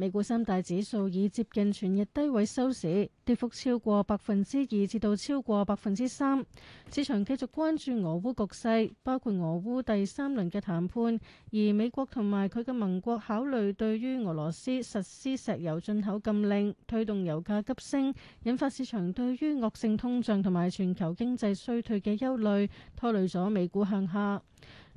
美股三大指數以接近全日低位收市，跌幅超過百分之二至到超過百分之三。市場繼續關注俄烏局勢，包括俄烏第三輪嘅談判，而美國同埋佢嘅盟國考慮對於俄羅斯實施石油進口禁令，推動油價急升，引發市場對於惡性通脹同埋全球經濟衰退嘅憂慮，拖累咗美股向下。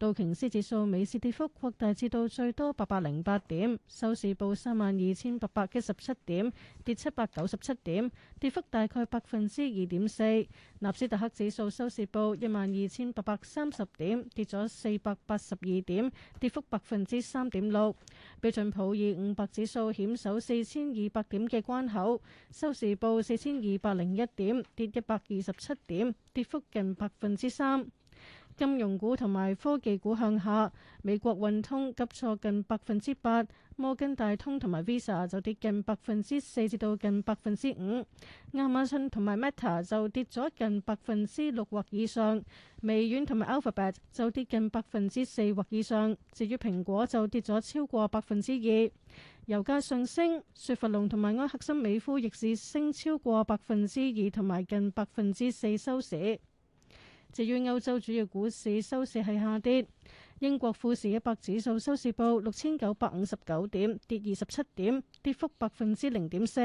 道瓊斯指數美市跌幅擴大至到最多八百零八點，收市報三萬二千八百一十七點，跌七百九十七點，跌幅大概百分之二點四。納斯達克指數收市報一萬二千八百三十點，跌咗四百八十二點，跌幅百分之三點六。標準普爾五百指數險守四千二百點嘅關口，收市報四千二百零一點，跌一百二十七點，跌幅近百分之三。金融股同埋科技股向下，美國運通急挫近百分之八，摩根大通同埋 Visa 就跌近百分之四至到近百分之五，亞馬遜同埋 Meta 就跌咗近百分之六或以上，微軟同埋 Alphabet 就跌近百分之四或以上，至於蘋果就跌咗超過百分之二。油價上升，雪佛龍同埋埃克森美孚逆市升超過百分之二同埋近百分之四收市。至於歐洲主要股市收市係下跌，英國富士一百指數收市報六千九百五十九點，跌二十七點，跌幅百分之零點四。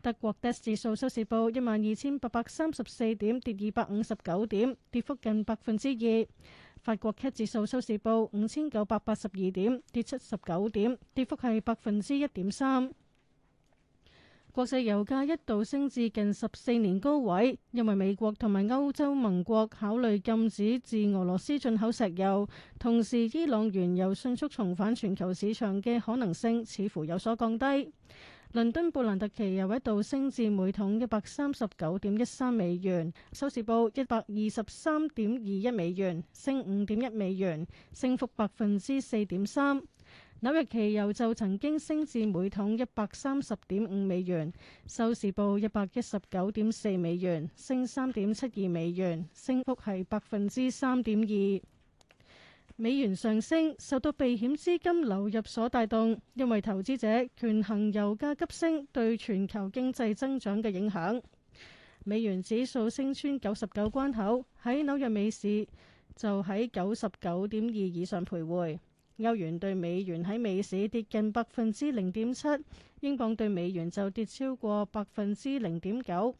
德國 DAX 指數收市報一萬二千八百三十四點，跌二百五十九點，跌幅近百分之二。法國 CAC 指數收市報五千九百八十二點，跌七十九點，跌幅係百分之一點三。國際油價一度升至近十四年高位，因為美國同埋歐洲盟國考慮禁止自俄羅斯進口石油，同時伊朗原油迅速重返全球市場嘅可能性似乎有所降低。倫敦布蘭特期油一度升至每桶一百三十九點一三美元，收市報一百二十三點二一美元，升五點一美元，升幅百分之四點三。紐約期油就曾經升至每桶一百三十點五美元，收市報一百一十九點四美元，升三點七二美元，升幅係百分之三點二。美元上升受到避險資金流入所帶動，因為投資者權衡油價急升對全球經濟增長嘅影響。美元指數升穿九十九關口，喺紐約美市就喺九十九點二以上徘徊。歐元對美元喺美市跌近百分之零點七，英鎊對美元就跌超過百分之零點九，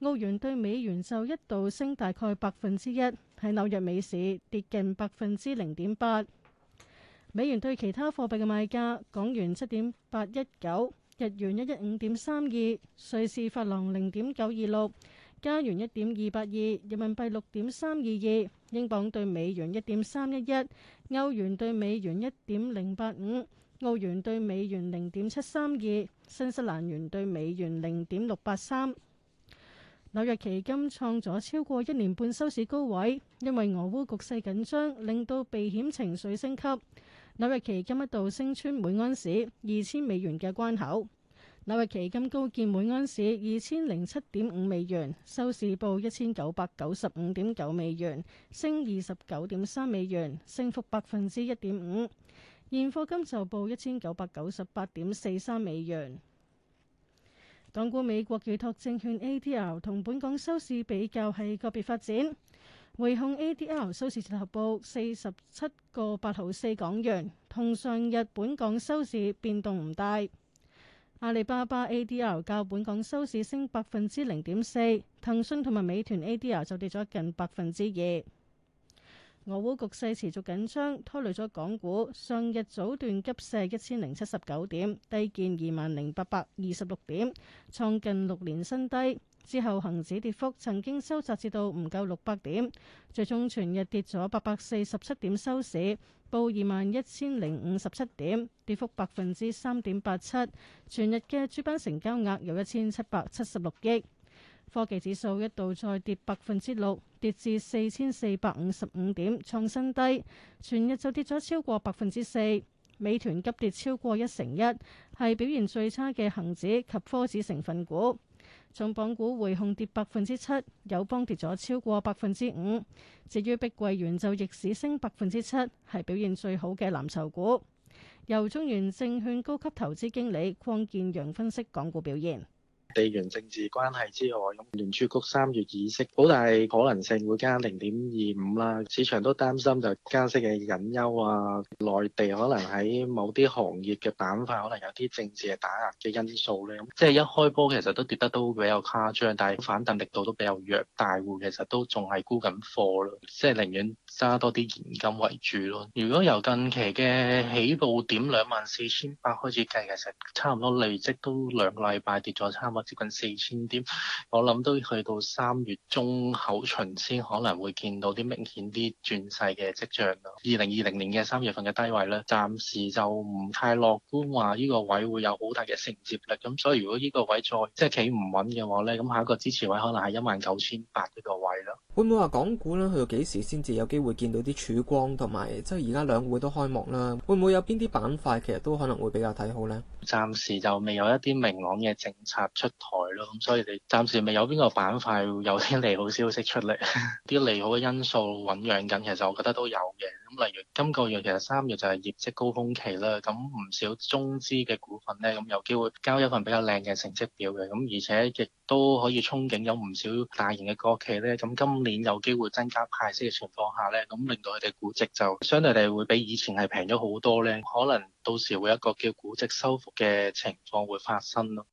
澳元對美元就一度升大概百分之一，喺紐約美市跌近百分之零點八。美元對其他貨幣嘅賣價：港元七點八一九，日元一一五點三二，瑞士法郎零點九二六。加元一點二八二，2，人民幣六點三二二，英鎊對美元一點三一一，歐元對美元一點零八五，澳元對美元零點七三二，新西蘭元對美元零點六八三。紐約期金創咗超過一年半收市高位，因為俄烏局勢緊張令到避險情緒升級，紐約期金一度升穿每盎司二千美元嘅關口。紐約期金高見每盎士二千零七點五美元，收市報一千九百九十五點九美元，升二十九點三美元，升幅百分之一點五。現貨金就報一千九百九十八點四三美元。港股美國預託證，證券 A D R 同本港收市比較係個別發展，匯控 A D R 收市折合報四十七個八毫四港元，同上日本港收市變動唔大。阿里巴巴 ADR 較本港收市升百分之零點四，騰訊同埋美團 ADR 就跌咗近百分之二。俄烏局勢持續緊張，拖累咗港股，上日早段急瀉一千零七十九點，低見二萬零八百二十六點，創近六年新低。之後恆指跌幅曾經收窄至到唔夠六百點，最終全日跌咗八百四十七點收市，報二萬一千零五十七點，跌幅百分之三點八七。全日嘅主板成交額有一千七百七十六億。科技指數一度再跌百分之六，跌至四千四百五十五點，創新低。全日就跌咗超過百分之四。美團急跌超過一成一，係表現最差嘅恆指及科指成分股。重磅股匯控跌百分之七，友邦跌咗超過百分之五。至於碧桂園就逆市升百分之七，係表現最好嘅藍籌股。由中原證券高級投資經理鄺建陽分析港股表現。地緣政治關係之外，咁聯儲局三月議息好大可能性會加零點二五啦。市場都擔心就加息嘅隱憂啊，內地可能喺某啲行業嘅板塊可能有啲政治嘅打壓嘅因素咧。咁即係一開波其實都跌得都比較誇張，但係反彈力度都比較弱。大戶其實都仲係沽緊貨咯，即係寧願揸多啲現金為主咯。如果由近期嘅起步點兩萬四千八開始計，其實差唔多累積都兩個禮拜跌咗差唔多。接近四千點，我諗都去到三月中下旬先可能會見到啲明顯啲轉勢嘅跡象。二零二零年嘅三月份嘅低位咧，暫時就唔太樂觀，話呢個位會有好大嘅承接力。咁所以如果呢個位再即係企唔穩嘅話呢，咁下一個支持位可能係一萬九千八呢個位咯。會唔會話港股呢？去到幾時先至有機會見到啲曙光？同埋即係而家兩會都開幕啦，會唔會有邊啲板塊其實都可能會比較睇好呢？暫時就未有一啲明朗嘅政策出台咯，咁所以你暫時未有邊個板塊，有啲利好消息出嚟，啲 利好嘅因素醞釀緊，其實我覺得都有嘅。咁例如今個月其實三月就係業績高峰期啦，咁唔少中資嘅股份咧，咁有機會交一份比較靚嘅成績表嘅。咁而且亦都可以憧憬有唔少大型嘅國企咧，咁今年有機會增加派息嘅情況下咧，咁令到佢哋估值，就相對地會比以前係平咗好多咧。可能到時會有一個叫估值收復嘅情況會發生咯。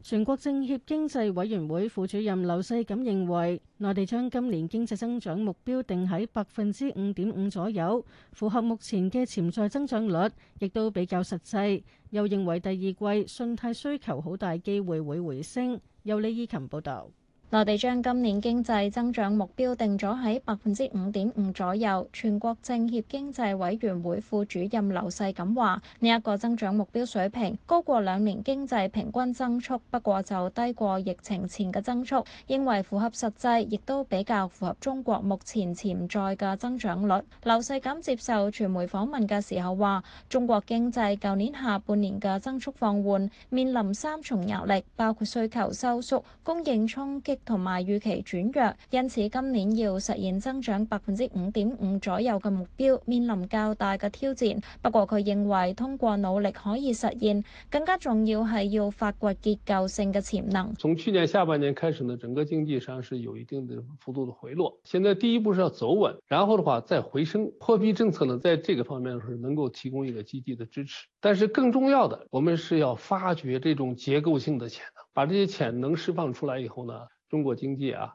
全國政協經濟委員會副主任劉世錦認為，內地將今年經濟增長目標定喺百分之五點五左右，符合目前嘅潛在增長率，亦都比較實際。又認為第二季信貸需求好大機會會回升。由李依琴報道。內地將今年經濟增長目標定咗喺百分之五點五左右。全國政協經濟委員會副主任劉世錦話：呢一個增長目標水平高過兩年經濟平均增速，不過就低過疫情前嘅增速，認為符合實際，亦都比較符合中國目前潛在嘅增長率。劉世錦接受傳媒訪問嘅時候話：中國經濟舊年下半年嘅增速放緩，面臨三重壓力，包括需求收縮、供應衝擊。同埋預期轉弱，因此今年要實現增長百分之五點五左右嘅目標，面臨較大嘅挑戰。不過佢認為通過努力可以實現，更加重要係要發掘結構性嘅潛能。從去年下半年開始呢，整個經濟上是有一定的幅度的回落。現在第一步是要走穩，然後的話再回升。貨幣政策呢，在這個方面是能夠提供一個積極的支持，但是更重要的，我們是要發掘這種結構性的潛能。把這些潛能釋放出來以後呢，中國經濟啊。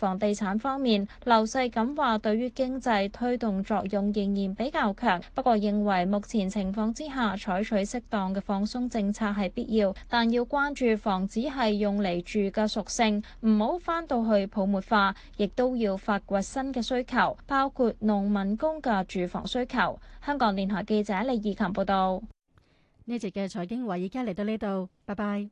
房地產方面，劉世錦話，對於經濟推動作用仍然比較強，不過認為目前情況之下，採取適當嘅放鬆政策係必要，但要關注房子係用嚟住嘅屬性，唔好翻到去泡沫化，亦都要發掘新嘅需求，包括農民工嘅住房需求。香港電台記者李義琴報道。呢節嘅財經華，而家嚟到呢度，拜拜。